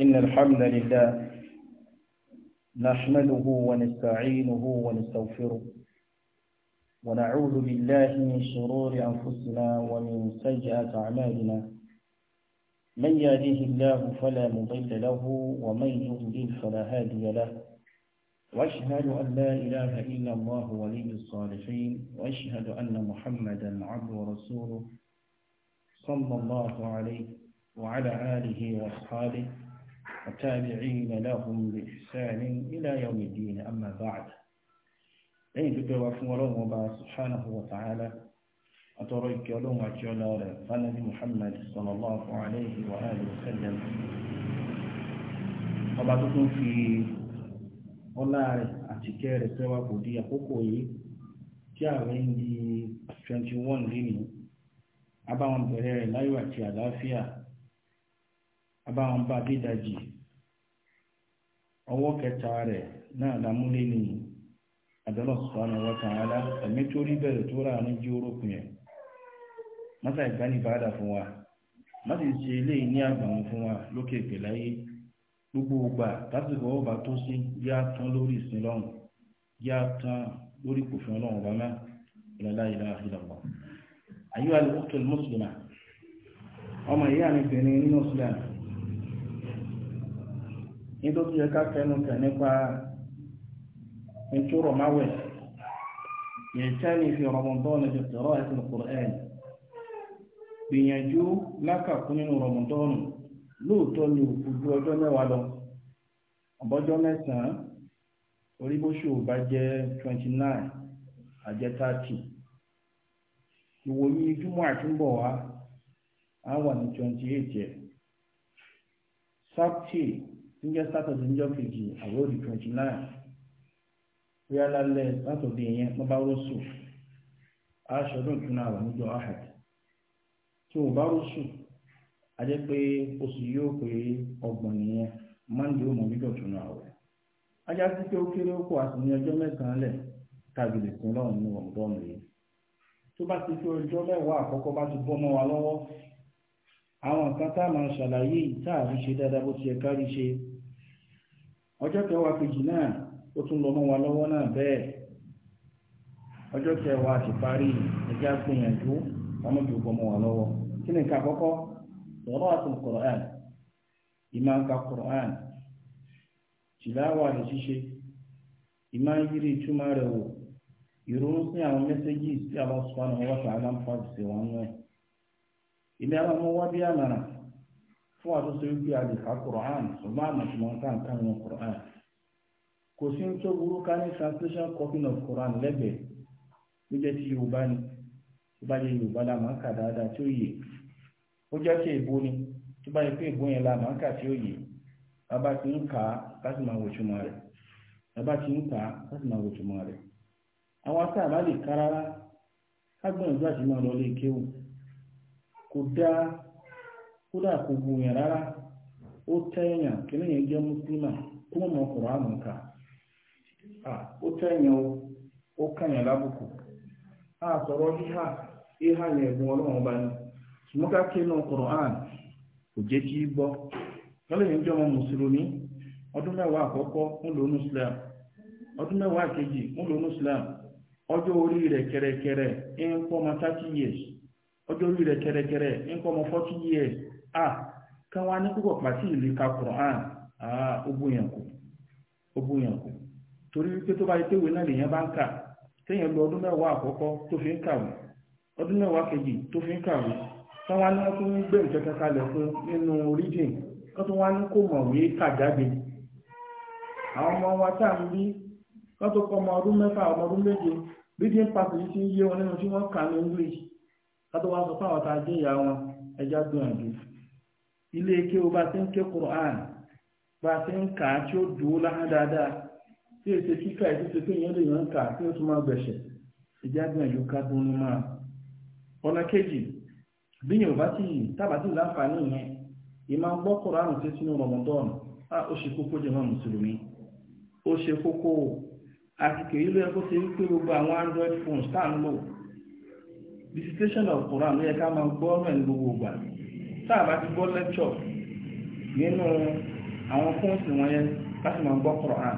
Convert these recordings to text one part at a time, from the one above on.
إن الحمد لله نحمده ونستعينه ونستغفره ونعوذ بالله من شرور أنفسنا ومن سيئات أعمالنا من يهده الله فلا مضل له ومن يضلل فلا هادي له واشهد أن لا إله إلا الله ولي الصالحين واشهد أن محمدا عبده ورسوله صلى الله عليه وعلى آله وأصحابه والتابعين لهم بإحسان إلى يوم الدين أما بعد لين تبوا فمولون وبا سبحانه وتعالى أتريك يلوم وجلال فنبي محمد صلى الله عليه وآله وسلم ọba في tún fi ọlá rẹ̀ àti kẹ́ rẹ̀ sẹ́wà kò di àkókò yìí tí ààrẹ ń di 21 lónìí abáwọn bẹ̀rẹ̀ rẹ̀ láyọ̀ àti àlàáfíà abáwọn ọwọ́ kẹta rẹ̀ náà lámúlé ní àdọ́lọ́ subhanahu wa ta'ala ẹ̀mí tó rí bẹ̀rẹ̀ tó rà ní jí orókùn yẹn mọ́tà ìgbàlíbàdà fún wa mọ́tà ìṣe ilé ní àgbàwọn fún wa lókè ìpìláyé gbogbo ògbà tásìkò ọba tó sí yá tán lórí ìsìn lọ́run yá tán lórí kòfin ọlọ́run ọba náà ìlàlá ìlà ìlàwọ̀ àyíwá lè wọ́n tó lè mọ́sùlùmá ọmọ ìyá mi bẹ̀rẹ̀ nínú ìsìlámù nítorí tó yẹ ká fẹnu kàn nípa ìtúrọ̀ máwẹ̀ ife fi Ramadan na qira'ati al-Qur'an gbìyànjú lákàkún nínú Ramadan lóòótọ́ ni òkúdú ọjọ́ mẹ́wàá lọ ọbọ́jọ́ mẹ́sàn-án bá jẹ́ twenty nine thirty júmọ́ wá á wà ní twenty eight yẹ sátì níjọ́ sátọ̀dé níjọ́ kejì àwọn òdì 29 nine bóyá lálẹ́ sátọ̀dé yẹn wọ́n bá rọ́ṣù aṣọ́dún ìtúná àwọn níjọ́ ahad tí ò bá rọ́ṣù a jẹ́ pé oṣù yóò pé ọgbọ̀n nìyẹn mọ́ndé ó mọ̀ níjọ́ ìtúná àwẹ̀ ajá ọjọ́ àwọn nǹkan tá a máa ṣàlàyé yìí tá a fi ṣe dáadáa bó ti yẹ kárí ṣe ọjọ́ kẹwàá kejì náà ó tún lọ mọ́ wa lọ́wọ́ náà bẹ́ẹ̀ ọjọ́ kẹwàá ti parí ẹjẹ́ àgbìyànjú ọmọ ìjọ bọ́ wa lọ́wọ́ kí ni nǹkan àkọ́kọ́ ìrọ̀ àti kùrọ̀án ìmọ̀ nǹka kùrọ̀án tìláwà rẹ̀ ṣíṣe ìmọ̀ ìtumọ̀ rẹ̀ wò ìrònú sí ilé àwọn ọmọ wa bí àmàrà fún àtúnṣe wípé a lè ṣùgbọ́n àmà tí wọ́n kà ń kà wọn quran kò sí tó burú ká ní translation copy of quran lẹ́gbẹ̀ẹ́ yorùbá ni tó bá yẹ yorùbá la máa ń kà dáadáa ti ni tó bá yẹ pé yẹn la máa ti ń kà á láti máa wò túmọ̀ rẹ̀ bàbá ti ń kà á láti máa wò kò dáa kódà kò gbòyàn rárá ó tẹ́yàn kìnnì yẹn jẹ́ mùsùlùmá tó mọ̀ a sọ̀rọ̀ híhà híhà yẹn ẹ̀gbọ́n ọlọ́run bá ní ṣùgbọ́n ká kí inú kò jẹ́ kí gbọ́ lọ́lẹ̀ yẹn jẹ́ ọmọ mùsùlùmí ọdún mẹ́wàá àkọ́kọ́ ń lò ní islam ọdún mẹ́wàá kejì ń lò ní islam ọjọ́ orí ọjọ́ orí rẹ̀ kẹrẹkẹrẹ nǹkan ọmọ forty years à kán wá ní púpọ̀ pàtí ìlú ka Quran ó bóyàn kù ó bóyàn kù torí wípé tó bá yẹ téwèé náà lèèyàn bá ń kà téèyàn ọdún mẹ́wàá àkọ́kọ́ tó fi ń kàwé ọdún mẹ́wàá kejì tó fi ń kàwé kán wá ní wọ́n reading kán tún wá ní mọ̀ wí kà jáde àwọn ọmọ wa tá à ń bí kán tó reading pass yìí ti ń yé wọn nínú tí kátó wá sọ ka àwọn tá ìyá wọn ẹja gbìyànjú ilé ike o bá ti ń ké Qur'an bá ti ń kà á tí ó dùn ó láhán dáadáa tí èsì kíkà èsì tó ìyẹn lè yàn kà tí ó tún máa gbẹ̀ṣẹ̀ ẹja ká ní máa. ọ̀nà kejì bí bá ti yìí tábà tí láǹfààní yẹn ìmọ̀ gbọ́ Qur'an tí sínú Ramadan á ó ṣe kókó mùsùlùmí ó ṣe visitation of Quran ló yẹ ká máa gbọ́ ọ̀rọ̀ ẹ̀ gbogbo ìgbà tá a bá ti gbọ́ lecture nínú àwọn fóònù wọn yẹn láti máa gbọ́ Quran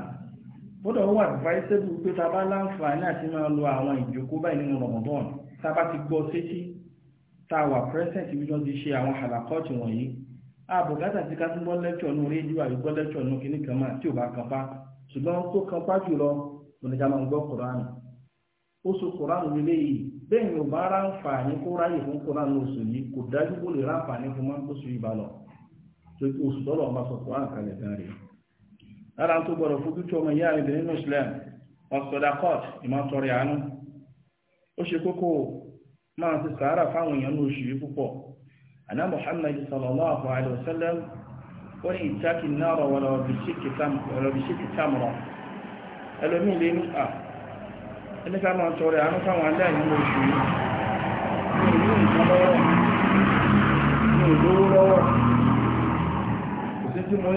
bọ́dọ̀ wà advisable pé ta bá láǹfààní àti máa lo àwọn ìjókòó báyìí nínú Ramadan tá a bá ti gbọ́ sétí tá a wà present ibi tí wọ́n ti ṣe àwọn àlàkọ́ọ̀tì wọ̀nyí àbùkátà ti ká tún gbọ́ lecture nù rédíò àbí gbọ́ lecture nù kíní kan máa tí ò bá kan pa ṣùgbọ́n tó kan pa jùlọ ònìjà máa gbọ́ Quran oṣù kòránù lélẹ́ yìí bẹ́ẹ̀ ni ò bá ráǹfààní kó ráyè fún kòránù oṣù yìí kò dájú kó lè ráǹfààní fún máa ń tó sùn ìbálọ̀ oṣù tọ́lọ̀ ọba sọ kòránù kalẹ̀ gan lára tó gbọdọ̀ fojú tí ọmọ ìyá rẹ̀ nínú Islam ọ̀sọ̀dàkọ́t ìmọ̀tọ̀rẹ̀ àánú ó ṣe kókó máa ti sàárà fáwọn èèyàn ní oṣù yìí púpọ̀ àná sallallahu ní náà bí ṣe ẹlòmíì ní à ẹlẹ́sà máa tọrẹ àánú fáwọn aláìní oṣù sí ní tí mo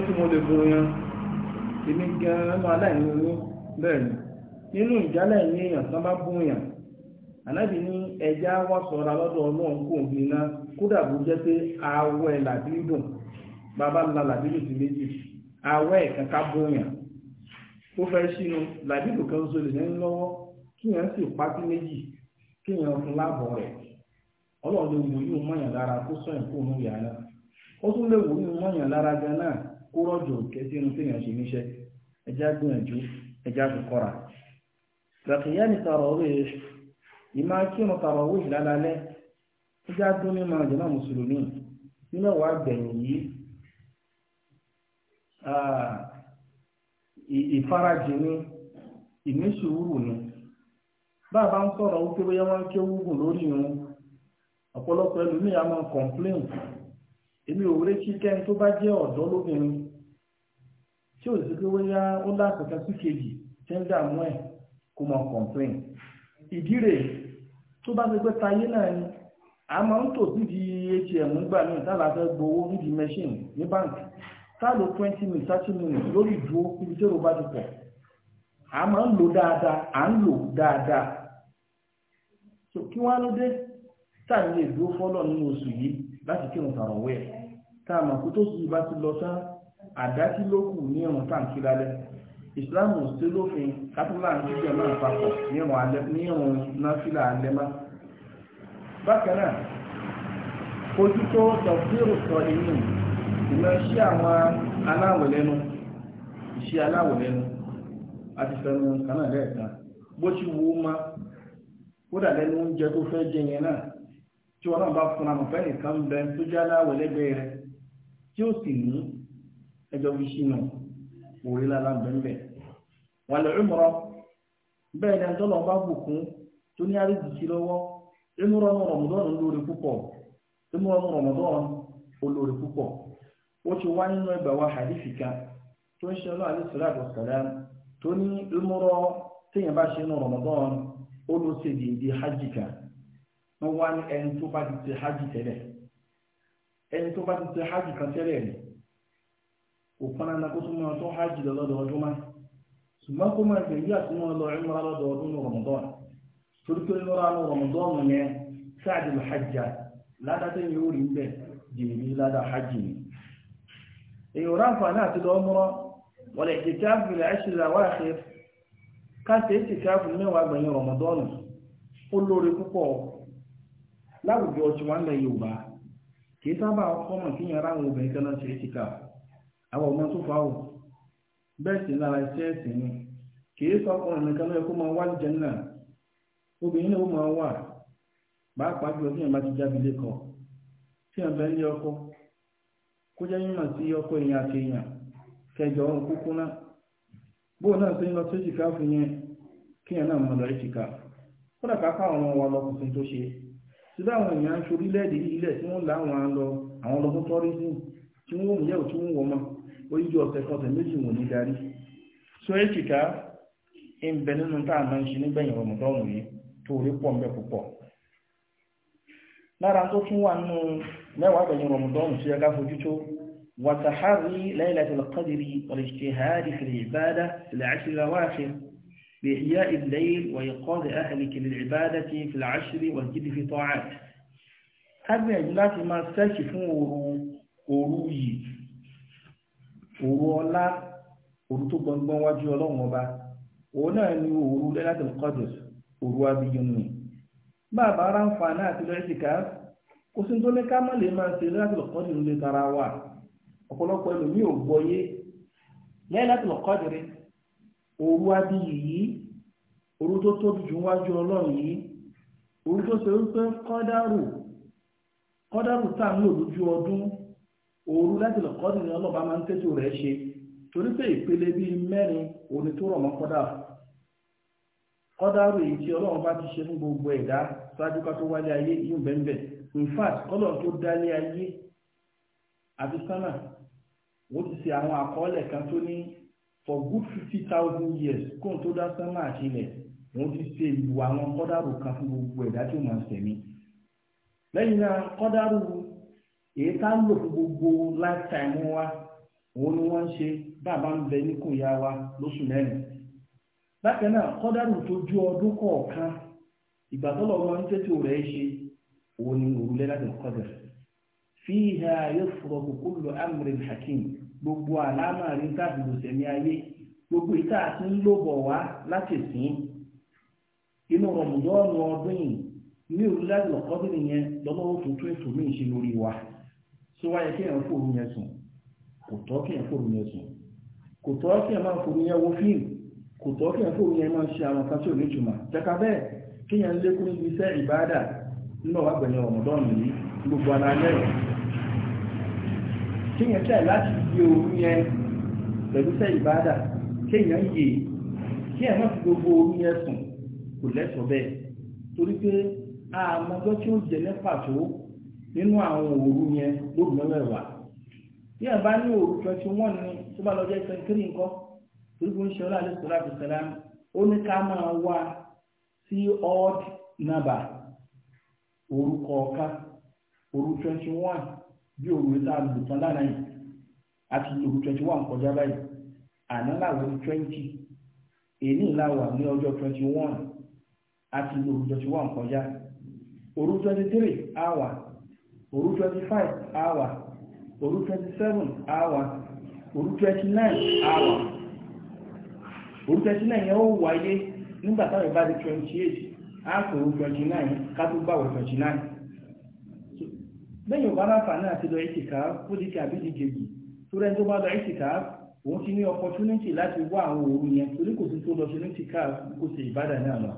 ní èèyàn tán ànábì ní ẹja wá sọ̀rọ̀ lọ́dọ̀ ọlọ́run kò ní iná kódà bó jẹ́ pé awọ ẹ̀ làbí bàbá ńlá làbí dùn méjì awọ ẹ̀ kankan bún ó fẹ́ sínú làbí kan sólè ní lọ́wọ́ kíyàn sì pátí méjì kíyàn fi láàbọ̀ rẹ̀ ọlọ́run lè wò lára kó sọ ìkó òun yà náà ó tún lè wò yóò lára gan náà kó rọ̀jò kẹsí inú téèyàn ṣe níṣẹ́ ẹjá gbìyànjú ẹjá fi kọ́ra. ìmá ẹjá dún ní náà mùsùlùmí nínú bàbá ń sọ̀rọ̀ wípé bóyá wọ́n ń ké wúgùn lórí irun ọ̀pọ̀lọpọ̀ ẹlòmíì a máa complain èmi ò retí kẹ́ni tó bá jẹ́ ọ̀dọ́ lóbìnrin tí ò sí pé bóyá ó lákòókò sí kejì tí ń dààmú ẹ̀ kó máa complain ìdí rèé tó bá ti tayé náà ni a ń tò atm ibi tí bá ti pọ̀ ń lò so kí wọ́n ló dé táà ní èdè fọ́lọ̀ nínú oṣù yìí láti kírun tààrọ̀ wẹ̀ táà mọ̀ kó tó sì bá ti lọ tán àdákí ló kù ní ìrùn táǹkì lálẹ́ ìsìláàmù sí lófin kátólà ń jíjẹ náà papọ̀ ní ìrùn náfílà alẹ́má bákan náà ojú tó tọ̀fíìrù sọ inú ìmọ̀ iṣẹ́ àwọn aláwọ̀lẹ́nu iṣẹ́ aláwọ̀lẹ́nu àti fẹnu kanáà lẹ́ẹ̀kan bó ti wù ú máa kódà lẹ́nu oúnjẹ tó fẹ́ jẹ náà tí wọn náà bá fún amọ̀ fẹ́ nìkan bẹ tó já láwọ̀ lẹ́gbẹ̀ẹ́ rẹ tí ó sì ní ẹjọ́ fi ṣìnà òwe lára bẹ́ẹ̀ wà bẹ́ẹ̀ ni ẹjọ́ lọ́ọ́ bá bùkún tó ní àríjìṣì lọ́wọ́ rímọ̀rọ̀ ní lórí púpọ̀ rímọ̀rọ̀ ní olórí púpọ̀ ó ti wá nínú ẹgbà wa tó ń ṣe ọlọ́ olu ló di dìde hajj kan wọ́n ẹni tó bá ti ṣe hajj tẹ́lẹ̀ ẹni tó bá ti kan tẹ́lẹ̀ ni kò pọnà na kó tún máa tó hajj lọ́dọọdún máa ṣùgbọ́n kó máa gbẹ̀yí àtúnmọ́ lọ ìmúra lọ́dọọdún ní Ramadan torí pé ìmúra ní Ramadan yẹn sáàdì hajjá ládàtẹ́ yóò rí bẹ́ẹ̀ ládà ni èyí ò ráǹfà náà ti lọ́ mọ́rọ́ ka ìtìkáàfù mẹ́wàá gbẹ̀yìn rọmọdọ́nù ó lóore púpọ̀ láwùjọ ọtí wọn lẹ yorùbá kì í sábà kọ́mọ̀ kí yẹn ráwọn obìnrin kan náà ṣe ìtìkáàfù àwọn ọmọ tó fa o bẹ́ẹ̀ sì lára iṣẹ́ ẹ̀sìn ni kì í sọkùnrin nìkan náà kó máa wá ní jẹ́nà obìnrin náà ó máa wà pàápàá jùlọ tí yẹn bá ti jáde tí yẹn bẹ́ẹ̀ ọkọ kó jẹ́ sí ọkọ bóun náà ṣe ń lọ sí ìtìkáàfù yẹn kíyàn náà mọ̀ lọ ìtìkáàfù kódà káká àwọn ọmọ wa lọ tó ṣe síbẹ̀ àwọn èèyàn aṣọ orílẹ̀-èdè ilẹ̀ tí wọ́n láwọn lọ àwọn lọ fún tọ́rísì tí wọ́n mú yẹ̀wò tí wọ́n wọ́n ọ̀sẹ̀ méjì ní darí so ń bẹ nínú tá a máa ń ṣe nígbẹ̀yìn rọmọdọ́rùn yìí tó rí pọ̀ ń bẹ púpọ̀ lára tó tún wà nínú mẹ́wàá gbẹ̀yìn rọmọdọ́rùn وتحري ليلة القدر والاجتهاد في العبادة في العشر الأواخر بإحياء الليل وإيقاظ أهلك للعبادة في العشر والجد في طاعات أبعد láti máa sẹ́ẹ̀kì fún òru yìí òru ọlá òru tó gbọngbọ́n wájú ọlọ́run ọba òun náà ni òru lẹ́látil qadr òru abiyunni bàbá ara ń fa náà ti lọ́ẹ́sì ká kò sí tó ní ká má lè máa ṣe lẹ́látil qadr lè tara wà ọ̀pọ̀lọpọ̀ ẹlòmí ò gbọ́yé Laylatul Qadr òru abiyì yìí òru tó tóbi jù wájú ọlọ́run yìí òru tó ṣe wípé kọ́dárù kọ́dárù tá ọdún òru ọlọ́ba máa ń tẹ́tù rẹ̀ ṣe torí pé ìpele bíi mẹ́rin òní tó rọ̀ mọ́ kọ́dárù kọ́dárù èyí gbogbo ẹ̀dá ṣáájú ká tó wálé ayé bẹ́ẹ̀ bẹ́ẹ̀ in fact wọ́n ti ṣe àwọn àkọọ́lẹ̀ kan tó ní for good fifty thousand years kóun tó dá sánmà àti wọ́n ti ṣe ìlú àwọn kọ́dàrú kan fún gbogbo ẹ̀dá tí ó máa ṣẹ̀mí lẹ́yìn náà kọ́dàrú èyí tá lò gbogbo lifetime wa òun ni wọ́n ń ṣe bàbá ń bẹ wa lóṣù bákan náà kọ́dàrú tó ju ọdún kọ̀ọ̀kan ìgbà tó lọ́wọ́ tètè rẹ̀ ṣe òun ni fíhà yusrafu kullu amrin hakim gbogbo àlámà rí tábìlù sẹ̀mí ayé gbogbo ìta àti ńlọ́bọ̀ wá láti sìn inú rọ̀mùdọ́ọ̀nù ọdún yìí ní orílẹ̀-èdè ọ̀kọ́dún yẹn lọ́mọ́ ó tún ètò ṣe lórí wa tó wáyé kí nye fòrò yẹn sùn kò tọ́ kí èèyàn fòrò yẹn sùn kò tọ́ kí èèyàn máa fòrò yẹn wo fíìmù kò tọ́ kí fòrò yẹn máa ṣe kéèyàn tẹ̀ láti yí òru yẹn pẹ̀lú sẹ́ ìbádà kéèyàn yè kéèyàn má fi gbogbo òru yẹn kò lẹ́tọ̀ọ́ bẹ́ẹ̀ torí pé àmọ́jọ́ tí ó jẹ ní pàtó nínú àwọn òru yẹn lóògùn mẹ́wẹ̀ẹ̀wà bí ẹ̀ bá ní òru ni tó bá lọ jẹ́ twenty three nǹkan torí pé ń ṣe ọlá àlẹ́ sọ́lá àbùsọ̀lá ó ní ká máa wá bí òwe tá a lò tán lánàá yìí a ti lò twenty one kọjá báyìí àná làwọn twenty èyí làwà ní ọjọ́ twenty one a ti lò twenty one kọjá òru twenty three àwà òru twenty five àwà òru twenty seven àwà òru twenty nine àwà òru twenty nine yẹn ó wáyé nígbà táwọn ìbá di twenty eight á kò òru twenty nine ká tó gbàwọ̀ twenty nine. lẹ́yìn ọba aláǹfà náà ti lọ ìtìká ó di ti àbídí kejì tó rẹ́ tó bá lọ ìtìká òun ti ní opportunity láti wá àwọn òru yẹn torí kò sí tó lọ sí ìtìká kò sí ìbádà náà lọ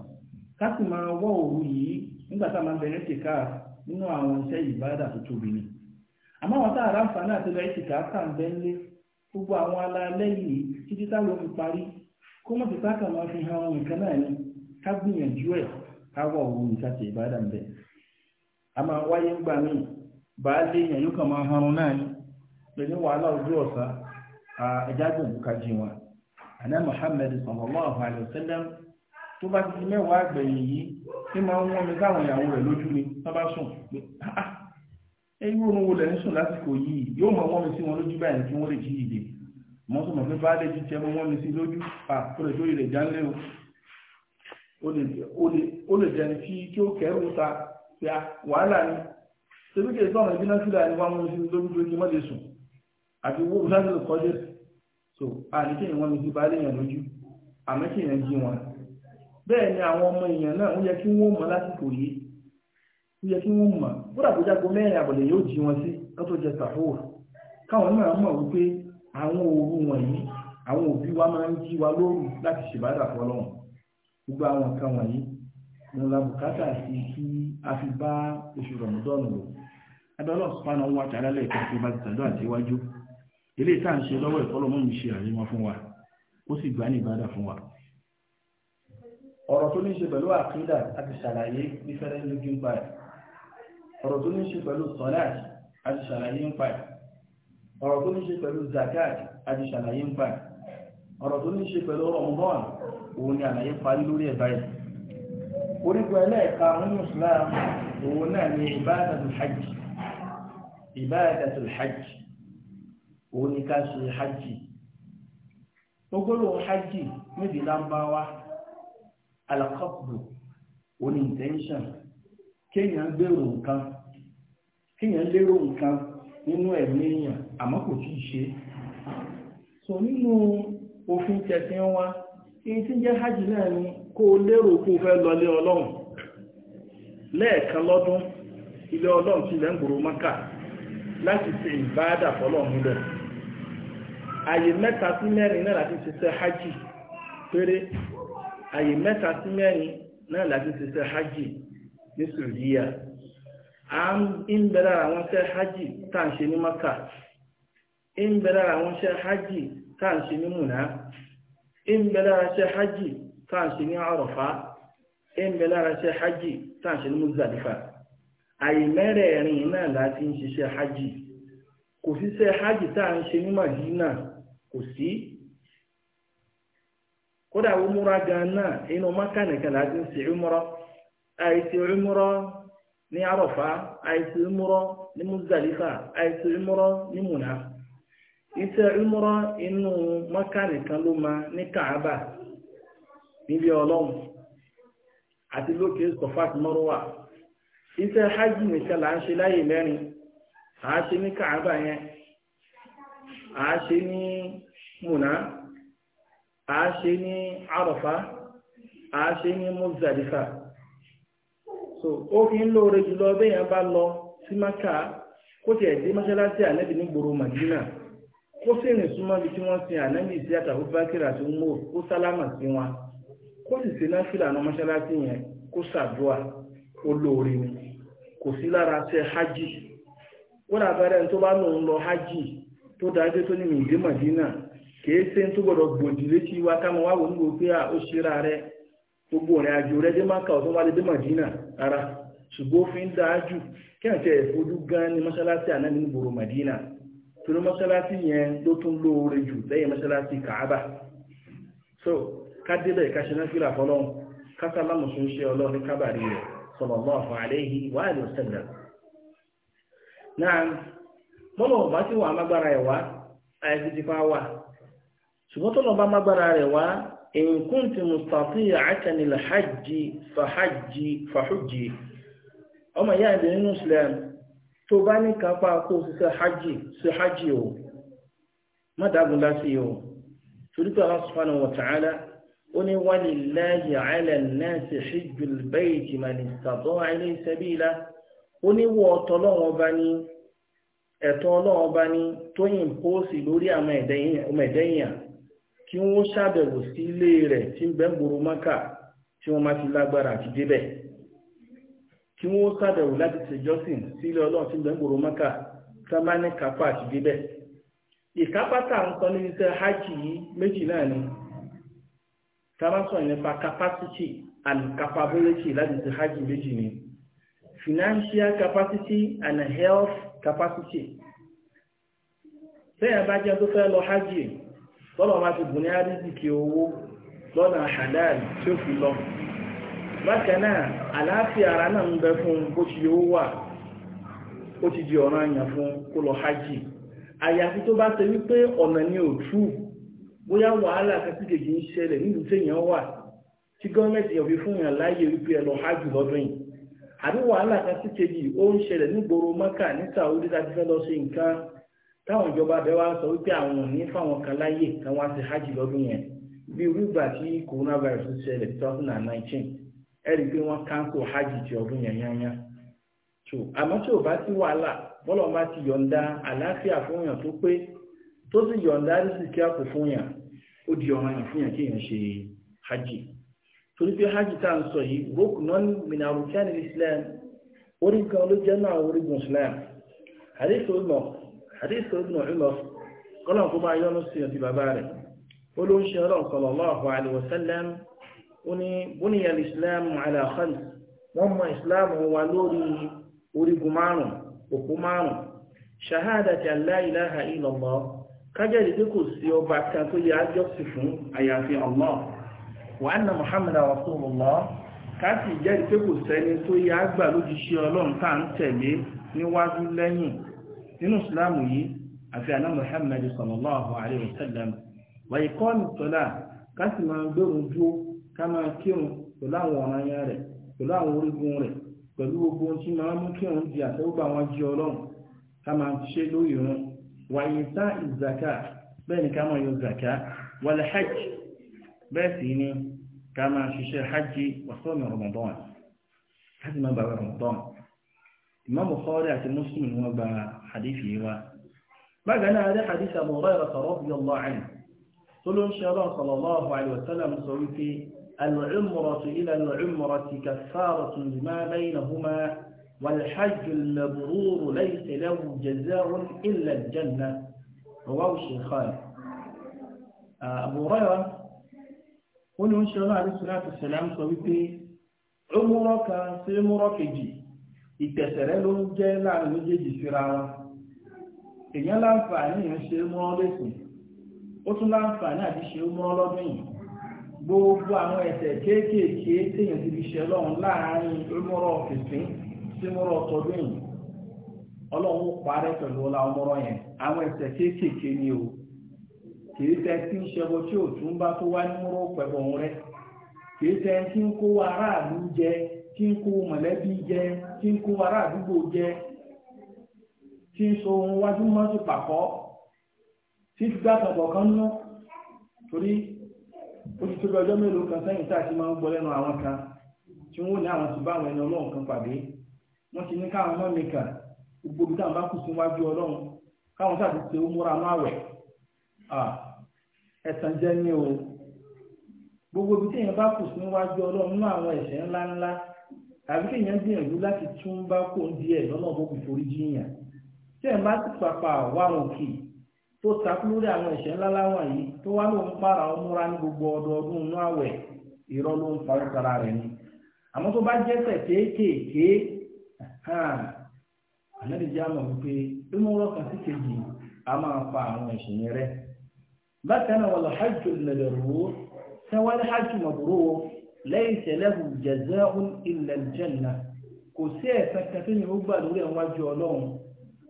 máa wọ òru yìí nígbà tá a máa nínú àwọn ìbádà tó tóbi ni a fi parí kó máa fi hàn nǹkan náà ni ká gbìyànjú ká wọ òru báálé èèyàn yóò kàn máa harun náà ni pẹ̀lú wàhálà ojú ọ̀sá ẹja gbòǹgbò kájí wọn àná Muhammad sallallahu alayhi wa sallam tó bá ti mẹ́wàá àgbẹ̀yìn yìí tí máa ń wọ́n mi káwọn ìyàwó rẹ̀ lójú ni wọ́n bá sùn pé ha ah, ah, oorun wo lẹ̀ ń sùn lásìkò yìí yóò máa wọ́n mi sí wọn lójú báyìí kí wọ́n lè jí ìdè mọ́ tó mọ̀ pé báálé ti tẹ́ mọ́ wọ́n mi sí lójú pa kó lè dórí rẹ̀ jánlé o ó lè jẹ́ni tí ó kẹ́rù ta pé ah, wàhálà ni ṣebí kìí sọ̀rọ̀ ẹbí náà sílẹ̀ àyíwá mú sí lórí lórí kí mọ́lẹ̀ sùn àti owó sáàtì kọjẹ́ so àníkẹ́yìn wọn ti bá léèyàn lójú àmẹ́kẹ́yìn jí wọn bẹ́ẹ̀ ni àwọn ọmọ èèyàn náà ó yẹ kí wọ́n mọ̀ lásìkò yìí ó yẹ kí wọ́n mọ̀ kódà kó jágbó mẹ́rin àbọ̀lẹ̀ yóò jí wọn sí lọ́tọ̀ jẹ sàfóòrò káwọn náà mọ̀ wípé àwọn òru wọ̀nyí àwọn òbí wa máa ń jí wa lóru láti ṣèbádà fọlọ́run gbogbo àwọn nǹkan wọ̀nyí mo la bùkátà sí kí a fi bá oṣù rọ̀mọdọ́nù lò adọ́lọ́ sọ́nà owó àtàrà lẹ́ẹ̀kan tó bá ti tàdọ́ àti iwájú ilé ìta ṣe lọ́wọ́ ìfọlọ́mọ́ mi ṣe àríwá fún wa ó sì gbà ní ìbádà fún wa. ọ̀rọ̀ tó ní ṣe pẹ̀lú àkídà àti ṣàlàyé ní fẹ́rẹ́ lójú ń pa ọ̀rọ̀ tó ní ṣe pẹ̀lú àti ṣàlàyé ń ọ̀rọ̀ tó ní ṣe pẹ̀lú zakat ibadatul hajj òun ni ká ogolo hajj níbi lámbáwá alakọ́pù òun intention kéèyàn gbèrò nǹkan kéèyàn nínú ẹ̀mí èèyàn ṣe so nínú òfin tẹ̀sìn wa èyí tí ń jẹ́ hajj ni kó o lérò kó o fẹ́ lẹ́ẹ̀kan ilé ọlọ́run ti lẹ́ mọ́kà láti ṣe ìbáàdà fọ́lọ̀ múlẹ̀ àyè mẹ́ta sí mẹ́rin náà láti ṣiṣẹ́ hajj péré àyè mẹ́ta sí mẹ́rin náà láti hajj ní sùúríyà a ń bẹ̀rẹ̀ àwọn hajj tá ń ṣe ní maka ń bẹ̀rẹ̀ àwọn ṣẹ́ hajj tá ń ṣe ní múná ń bẹ̀rẹ̀ ṣẹ́ hajj tá ń ṣe ní àrọ̀fá ń bẹ̀rẹ̀ ṣẹ́ hajj tá ń ṣe ní àìmẹ́rẹ̀ẹ̀rin náà láti ń ṣiṣẹ́ hajj kò síṣẹ́ hajj tá ń ṣe ní Madina kò sí kódà umura gan náà inú Maka láti ń ṣe umura àìsí umura ní Arọfa àìsí umura ní Muzdalifa àìsí umura ní Muna iṣẹ́ inú ló ma ní Kaaba níbi Ọlọ́run àti iṣẹ́ hajj nìkan là ń ṣe láyè mẹ́rin à á ṣe ní Kaaba yẹn à á ṣe ní Muna à á ṣe ní Arafa à á ṣe ní Muzdalifa so ó fi ń lóore jùlọ béèyàn bá lọ sí Maka kó tiẹ̀ dé mọ́ṣáláṣí ànábì ní gbòòrò Madina kó sì rìn súnmọ́ bí tí wọ́n sin ànábì sí àtàwọn bákìrì àti mò kó sálámà sí wọn kó sì sí náà fìlànà mọ́ṣáláṣí yẹn kó ṣàdúrà olóore ni kò sí lára ṣe hajj wọ́n àbẹ̀rẹ̀ tó bá nù ń lọ hajj tó dájú tó ní ìdí kee kìí ṣe tó gbọdọ̀ gbòdì létí wa káwọn wá wò nígbò pé ó ṣera rẹ gbogbo rìn àjò rẹ dé máka ọ̀tún wá lè dé rárá ó fi ń dáájú kí àti ẹ̀fọ́jú gan ni mọ́ṣáláṣí àná ní gbòòrò màdínà torí mọ́ṣáláṣí yẹn ló tún lóore jù so ká débẹ̀ ká ṣe náà ṣe صلى الله عليه وآله وسلم. نعم، náà mọ́nà ọ̀bá tí wọ́n amágbára ẹ̀ wá àìsí ti fa wà ṣùgbọ́n tó lọ́ba amágbára rẹ̀ wá in kuntum mustati'atan lil hajji fa hajji fa hujji ọmọ ìyá ìbí nínú islam tó bá ní kápá kó ṣiṣẹ́ hajji sí hajji o má dágúndá sí o ní walillahi ala island hijjul bayti man istata'a ilayhi sabila ó ní wọ́ o bá ní ẹ̀tọ́ ọlọ́wọ́ bá ní tó yìn pósì lórí àwọn ẹ̀dẹ́yìn kí wọ́n ṣàbẹ̀wò sí ilé rẹ̀ tí ń bẹ́ gbòòrò mọ́kà ti lágbára àti débẹ̀ kí wọ́n ṣàbẹ̀wò láti ṣèjọ́sìn sí ilé ọlọ́run tí ń bẹ́ gbòòrò mọ́kà tá má ní kápá tabasọ nípa capacity and capability láti ṣe hajj méjì ni financial capacity and health capacity sẹ́yìn bá jẹ́ tó fẹ́ lọ hajj tọ́lọ̀ máa ti bù ní àríṣìkì owó lọ́nà halal tí ó fi lọ bákan náà àlàáfíà ara náà ń bẹ fún bó ti yóò wà ó ti di ọ̀ranyàn fún kó lọ hajj àyàfi tó bá ṣe wípé ọ̀nà ni ò true bóyá wàhálà kẹsíkèjì ń ṣẹlẹ̀ nílùú téèyàn wà tí gọ́ọ̀mẹ̀ntì yàn fi fún yàn láàyè wípé ẹ lọ hajj lọ́dún yìí àbí wàhálà kẹsíkèjì ó ń ṣẹlẹ̀ nígboro mọ́kà ní saudi láti fẹ́ lọ ṣe nǹkan táwọn ìjọba abẹ́ wa sọ wípé àwọn ò ní fáwọn kan láàyè káwọn á ṣe hajj lọ́dún yẹn bí irú ìgbà tí coronavirus ṣẹlẹ̀ 2019 ẹ̀rí pé wọ́n káńtò hajj ti ọdún yẹn yányá àmọ́ tí ò bá sí wàhálà bọ́lọ̀ tó sì yọ̀ǹda sí kí a kò fún yàn ó di ọmọ yàn fún yàn kí yàn ṣe hajj torí pé hajj tá à ń sọ yìí ruknan min arkan al-islam orí kan ló jẹ́ náà orí gun islam hadith ọmọ hadith ọmọ ọmọ kọ́lọ̀ kó máa yọ́nu sí ọtí bàbá rẹ̀ ó ló ń ṣe ọlọ́run wọ́n mọ islam wa lórí orígun márùn-ún òkú márùn-ún shahadati an la ilaha kájẹ́rì pé kò sí ọba kan tó yẹ ájọ́sì fún àyàfi Allah wa anna Muhammad rasulullah káàkì ìjẹ́rì pé kò sẹ́ni tó yẹ àgbà lójíṣẹ́ ọlọ́run tá ń tẹ̀lé níwájú lẹ́yìn nínú ìsìláàmù yìí àfi àná Muhammad sallallahu àwọn ọ̀ranyàn rẹ̀ وإيتاء الزكاة بين كما يزكى والحج يعني كما شيشي حج وصوم رمضان هذا ما بقى رمضان إمام بخاري أتى المسلم هو حديثه هو بقى أنا هذا حديث أبو هريرة رضي الله عنه قل إن شاء الله صلى الله عليه وسلم سويتي العمرة إلى العمرة كفارة لما بينهما والحج المبرور ليس له جزاء إلا الجنة رواه الشيخان أبو هريرة قل إن شاء الله عليه الصلاة والسلام صوتي عمرك في مركجي ìtẹ̀sẹ̀rẹ́ ló ń jẹ́ láàrin méjèèjì síra wọn èèyàn láǹfààní ìyẹn ṣe mọ́ lẹ́sìn ó tún láǹfààní àti ṣe mọ́ lọ́dún yìí gbogbo àwọn ẹ̀ṣẹ̀ kéékèèké téèyàn ti fi ṣe lọ́run láàrin ìmọ̀ràn ọ̀fìsín sí mọ́rọ̀ tọdún yìí ọlọ́run parẹ́ pẹ̀lú ọlá ọmọrọ̀ yẹn àwọn ẹ̀ṣẹ̀ kéékèèké ni o kìí tí ń ṣẹbọ tí ò tún bá tó wá ní mọ́rọ̀ pẹ̀bọ̀ rẹ kìí tí ń kó aráàlú jẹ tí ń kó mọ̀lẹ́bí jẹ tí ń kó aráàdúgbò jẹ tí ń so ohun wájú mọ́tò pàkọ́ tí kọ̀ọ̀kan wọ́n ti ní káwọn mọ́ nìkan gbogbo bí táwọn bá kù sí wájú ọlọ́run káwọn sáà ti ṣe ó múra máa wẹ̀ ẹ̀sán jẹ́ ní o gbogbo bí téèyàn bá kù sí wájú ọlọ́run nínú àwọn ẹ̀ṣẹ̀ ńláńlá àbí kéèyàn gbìyànjú láti tún bá kó ń di ẹ̀ lọ́nà gbogbo ìforíjì yàn téèyàn bá ti pàpà wárùn òkè tó takú lórí àwọn ẹ̀ṣẹ̀ ńláńlá wọ̀nyí tó wá lóun para òun múra ní gbogbo ọdọọdún inú àwẹ̀ ìrọ́ ló ń parí sára rẹ̀ ni àmọ́ ànábì jẹ́ àmọ̀ wípé inú wọn kan sí kejì a máa fa àwọn ẹ̀sìn rẹ̀ bákan náà wal hajju al-mabrur sẹ́wọ́n hajj mabrur laysa lahu jaza'un illa al-jannah kò sí ẹ̀sẹ̀ kẹfí ni ó gbà lórí àwọn àjọ ọlọ́run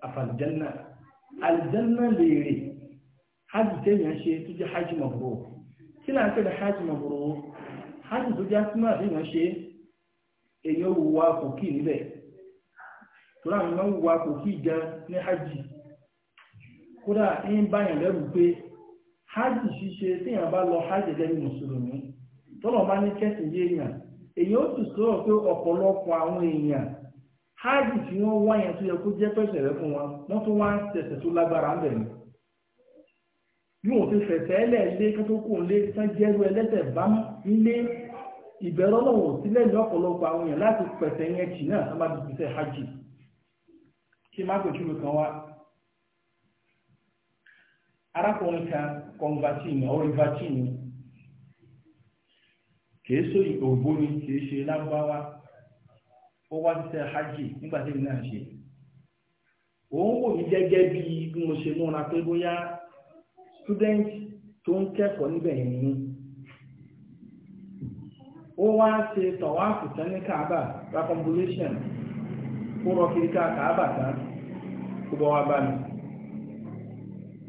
àfàlìjánná àlìjánná lèrè hajj téèyàn ṣe tó jẹ́ hajj mabrur kí náà kéde hajj mabrur hajj tó jẹ́ asúnmọ́ àti èèyàn ṣe èèyàn kò kí níbẹ̀ tóra àwọn ìmọ̀ wà kò kí gan ní hajj kódà ń báyàn lẹ́rù pé hajj ṣíṣe téèyàn bá lọ hajj lẹ́nu mùsùlùmí tọ́lọ̀ bá ní kẹ́sìn yé èèyàn èyí ó sì sọ̀rọ̀ pé ọ̀pọ̀lọpọ̀ àwọn èèyàn hajj tí wọ́n wá yẹn tó yẹ kó jẹ́ pẹ̀sẹ̀ rẹ fún wọn wọ́n tún wá ń tẹ̀sẹ̀ tó lágbára ń bẹ̀rẹ̀ bí wọn fi fẹ̀sẹ̀ ẹlẹ̀ lé kótókò lé tán jẹ́rú ẹlẹ́sẹ̀ bá nílé ìbẹ̀rọ̀ lọ́wọ́ sílẹ̀ ní ọ̀pọ̀lọpọ̀ àwọn èèyàn láti pẹ̀sẹ̀ yẹn kì náà sábà dùn sí hajj kí má nwa mi kan wá arákùnrin kan convertine ọ̀rẹ́ vertine kìí so ògbó ni kìí hajj nígbà tí èmi náà ṣe òun wò mí gẹ́gẹ́ bí bí mo ṣe student tó ń ni kó bọ́ wá bá mi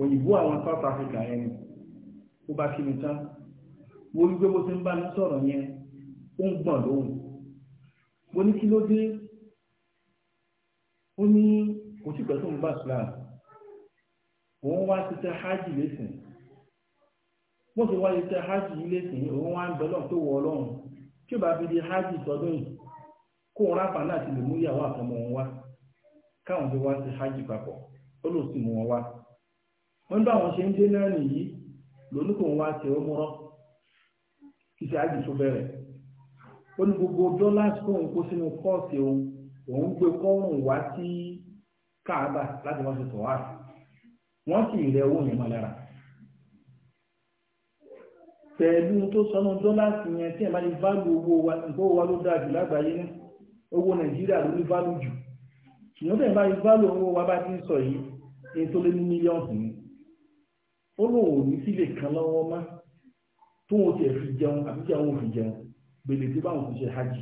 òyìnbó àwọn South Africa yẹn ni ó bá kí mi tán mo rí pé bó ti ń bá mi sọ̀rọ̀ yẹn ó ń gbọ̀n lóhùn mo ní kí ló dé ó ní kò sí pẹ̀lú òun bá sùlá òun wá ti tẹ hajj lẹ́sìn wọ́n ti wá ti tẹ hajj lẹ́sìn òun wá ń bẹ̀lọ̀ tó wọ ọlọ́run tí ó bá fi di hajj sọdún yìí kó ń rápa náà ti lè ìyàwó àtọmọ òun wá. káwọn tó wá sí hajj papọ̀ ó lò sí mú wọn wá wọn bá wọn ṣe ń dé náà nìyí lónìí kò wá ṣe kí hajj tó bẹ̀rẹ̀ ó ní gbogbo dọ́làsì kó òun kó sínú kọ́ọ̀sì òun òun gbé kọ́ọ̀rùn wá sí káàbà láti wá wọ́n sì rẹ owó yẹn pẹ̀lú tó sọnù yẹn tí ṣùgbọ́n tẹ̀ bá yí fálò owó wa bá ti ń sọ yìí ní tó lé ní mílíọ̀nù ní ó lóun ò ní sílẹ̀ kan lọ́wọ́ mọ́ tó wọn ti ẹ̀ fi jẹun àbí tí àwọn òfin jẹun gbèlè tí báwọn ti ṣe hajj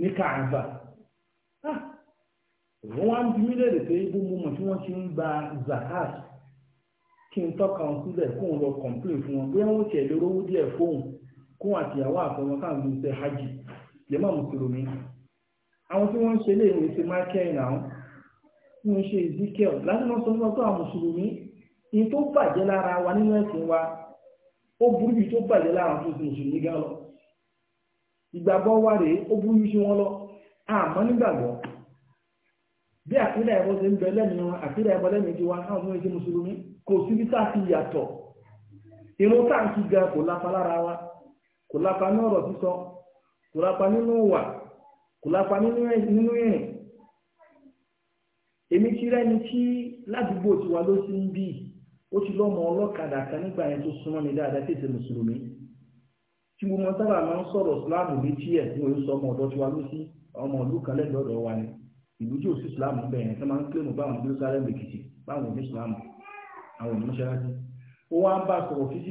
ní káàbà wọ́n wá ń bí mílíọ̀nù pé gbogbo mọ̀ tí wọ́n ti ń gba zakat kí n tọ́ka wọn sílẹ̀ kó wọn lọ kọ̀m̀plé fún wọn bóyá wọn tiẹ̀ lóró díẹ̀ fóun kó wọn àtìyàwó àtọwọn káàmù àwọn tí wọ́n ń ṣe lè wò ṣe michael náà wọ́n ń ṣe ezekiel láti wọ́n sọ fún àwọn mùsùlùmí ní wa nínú ẹ̀sìn wa ó burú bí tó bàjẹ́ lára tó ti mùsùlùmí gan lọ ìgbàgbọ́ wa rèé ó burú bí wọn lọ àmọ́ nígbàgbọ́ bí àkídà ẹ̀bọ ń bẹ lẹ́nu wọn ẹ̀bọ lẹ́nu ti wá káwọn fún ẹ̀ṣẹ̀ mùsùlùmí kò a yàtọ̀ irun táǹkì gan kò lápa lára wa kò lápa ní ọ̀rọ̀ sísọ kò lápa nínú kò lápá nínú ìrìn èmi ti rẹ́ni tí ládùúgbò ti wà ló ti ń bí ó ti lọ́mọ ọlọ́kadà kan nígbà yẹn tó súnmọ́ mi dáadáa tètè mùsùlùmí tí mo mọ sábà máa ń sọ̀rọ̀ síláàmù ní tíyẹ̀ tí mo sọ ọmọ ọ̀dọ́ ti wá ló sí ọmọ ìlú kan lẹ́gbẹ̀ẹ́ ọ̀dọ̀ wa ni ìlú tí ò sí síláàmù ń bẹ̀rẹ̀ tó máa ń kílèmù báwọn ìlú sáré mèkìtì báwọn ìlú síláàmù àwọn ìlú mọ́ṣáláṣí ó wá ń bá sọ̀rọ̀ fífi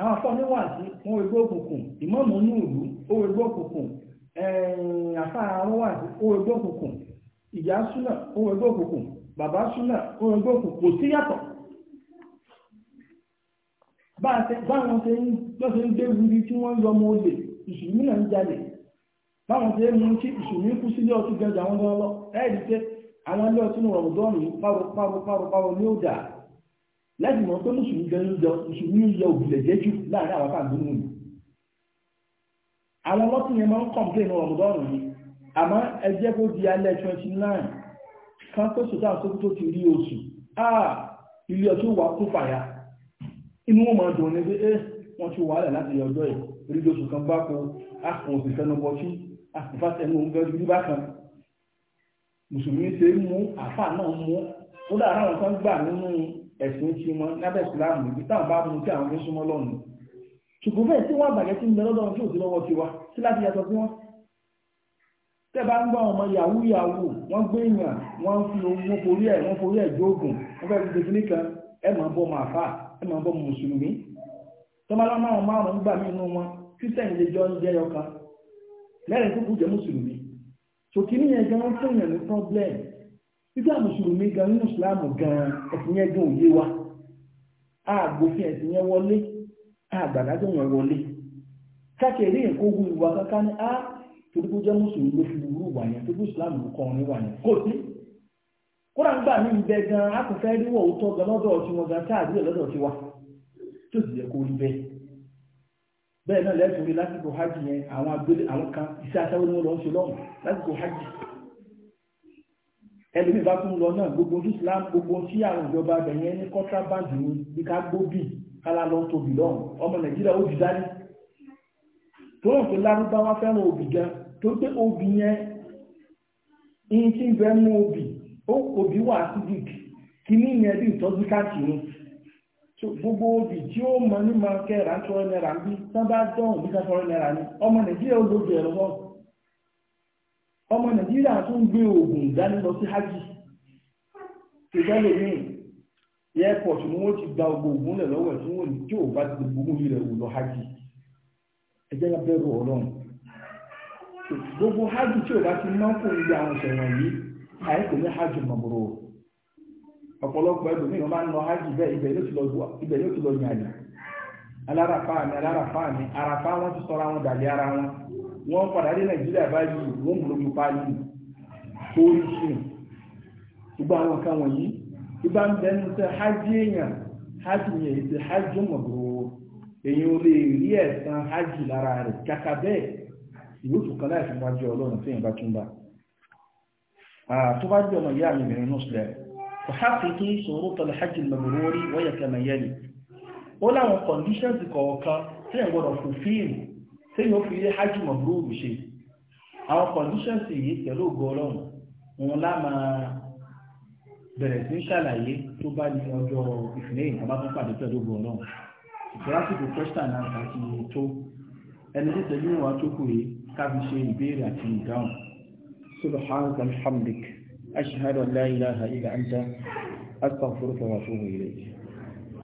àwọn afọ́níwàsí wọ́n wẹgbẹ́ òkùnkùn ìmọ̀mù ní ìlú ó wẹgbẹ́ òkùnkùn àfáà arọ́wàsí ó wẹgbẹ́ òkùnkùn ìyá súnà ó wẹgbẹ́ òkùnkùn bàbá súnà ó wẹgbẹ́ òkùnkùn kò sí yàtọ̀ báwọn ṣe ń lọ́sẹ̀ ń gbé wuli tí wọ́n yọ ọmọ olè ìṣùmí náà ń jalè báwọn ṣe ń mú kí ìṣùmí kú sílé ọtún gẹ̀ẹ́jà ẹ̀ẹ́dì pé àwọn ilé ọtún láti mọ̀ pé mùsùlùmí gan ń yọ mùsùlùmí ń yọ òbílẹ̀ jẹ́ jù láàrin àwọn àbá gbónú mi àwọn ọlọ́sìn yẹn máa ń kọ̀m̀pléènì ọ̀mùdọ́rùn yìí àmọ́ ẹ jẹ́ kó di alẹ́ twenty nine kan pé sọ́tà sókú tó ti rí oṣù áà ilé ọtí wà kó fàyà inú wọn máa dùn ní pé ẹ eh, wọn ti wàhálà láti yọ ọjọ́ yìí orí oṣù kan bá kó àpò òṣìṣẹ́ ní ọbọ̀ tí àpòfà tẹnu ń gẹ́jú ní bákan mùsùlùmí ṣe mú àfà náà mú ó dára àwọn kan gbà nínú ẹ̀sìn ti wọn lábẹ́ ìsìláàmù ibi táwọn bá mú sí àwọn tó súnmọ́ lọ́nà ṣùgbọ́n bẹ́ẹ̀ tí wọ́n àgbàjẹ́ tí ń bẹ lọ́dọ̀ wọn tí ò sí lọ́wọ́ tiwa sí láti yàtọ̀ sí wọn tẹ́ bá ń gbọ́ ọmọ yahoo yahoo wọ́n gbé èèyàn wọ́n ń fi owó forí ẹ̀ wọ́n forí ẹ̀ jóògùn wọ́n fẹ́ fi tètè nìkan ẹ̀ máa ń bọ́ ọmọ àfà ẹ̀ máa ń bọ́ ọmọ mùsùlùmí tọ́mọlá márùn márùn gbà mí inú wọn kírísítẹ́nì lè jọ ń jẹ́ yọkan lẹ́rìn kúkú jẹ́ mùsùlùmí ṣòkí níyẹn jẹ́ wọ́n fún èèyàn ní problem ìgbà mùsùlùmí gan nínú ìsìláàmù gan ẹ̀sìn yẹn gan òye wa àgbòfin ẹ̀sìn yẹn wọlé àgbàdájọ́ yẹn wọlé káàkiri èyàn kó wu ìwà kankan ní á torí kó jẹ́ mùsùlùmí ló fi wúrú wà yẹn torí ìsìláàmù kọ́ wọn níwà yẹn kò sí kódà nígbà ní ibẹ̀ gan a kò fẹ́ ríwọ̀ òótọ́ gan lọ́dọ̀ ọtí wọn gan káàdì lọ́dọ̀ ọtí wa tó sì yẹ kó rí bẹ́ẹ̀ bẹ́ẹ̀ náà lẹ́sùn rí lásìkò hajj yẹn àwọn kan iṣẹ́ aṣáwó ni wọ́n lọ ń ṣe lọ́wọ́ lásìkò hajj ẹlòmíì bá tún lọ náà gbogbo Islam gbogbo tí àwọn ìjọba bẹ̀yẹn ní contraband ní bí ká gbóbì kálá lọ tóbi lọ́hùn ọmọ Nàìjíríà ó di dání tó rọ̀ pé lárúbáwá fẹ́ràn òbí gan tó pé òbí yẹn in ti ń bẹ mú òbí òbí wà acidic kí ní ìyẹn bí ìtọ́jú káàkiri gbogbo obì tí ó mọ ní máa kẹ́ ránṣọ́ náírà bí tán bá dán òbí kan sọ̀rọ̀ náírà ni ọmọ Nàìjíríà ó lóbi ẹ̀rọ ọmọ nàìjíríà tún gbé oògùn dání lọ sí hajj ìgbẹ́lòmíì airport ni wọ́n ti gba ogun lẹ̀ lọ́wọ́ tí wọ́n ní tí ò bá ti gbogbo rẹ̀ wò lọ hajj ẹjẹ́ ọlọ́run gbogbo hajj tí ò bá ti ń àwọn yìí àìkò ní hajj mọ̀mọ́rọ̀ ọ̀pọ̀lọpọ̀ ẹlòmíì wọ́n máa ń lọ hajj bẹ́ẹ̀ ibẹ̀ yóò ti lọ yàn àlè alárafa mi arafa wọ́n padà dé nàìjíríà báyìí wọ́n mú lójú páálí tó rí sí gbogbo àwọn kan wọ̀nyí ibà ń bẹnu sẹ hajj èèyàn hajj yẹn ètò hajj mọ̀gbọ̀rọ̀ èèyàn ò lè rí ẹ̀san hajj lára rẹ̀ kàkà bẹ́ẹ̀ ìwòsàn kan láì fi wá jẹ́ ọlọ́run tí ìbá tún bá tó bá jẹ́ ọmọ ìyá mi mìíràn nùsùlẹ̀ fàáfíkí sọ̀rọ̀ tọ́lẹ̀ hajj mọ̀gbọ̀rọ̀ wọ́yẹ̀ kẹmẹ̀yẹ́lì ó láwọn kọ̀ndíṣẹ́ǹsì kọ̀ọ̀kan tí ẹ̀ gbọ́dọ̀ fulfill téèyàn fi ilé hajj mọ̀gbóògùn ṣe àwọn conditions yìí pẹ̀lú ògo ọlọ́run wọn lá máa bẹ̀rẹ̀ sí ń ṣàlàyé tó bá ní ọjọ́ ìfìlẹ́yìn tó bá tún pàdé pẹ̀lú ògo ọlọ́run ìtọ́lásìkò question náà àti tó ẹni tó tẹ̀lé wọn tó kù yìí káfí ṣe ìbéèrè àti ìdáhùn subhanaka walhamdik ashhadu an ilaha illa anta astaghfiruka wa atubu ilayk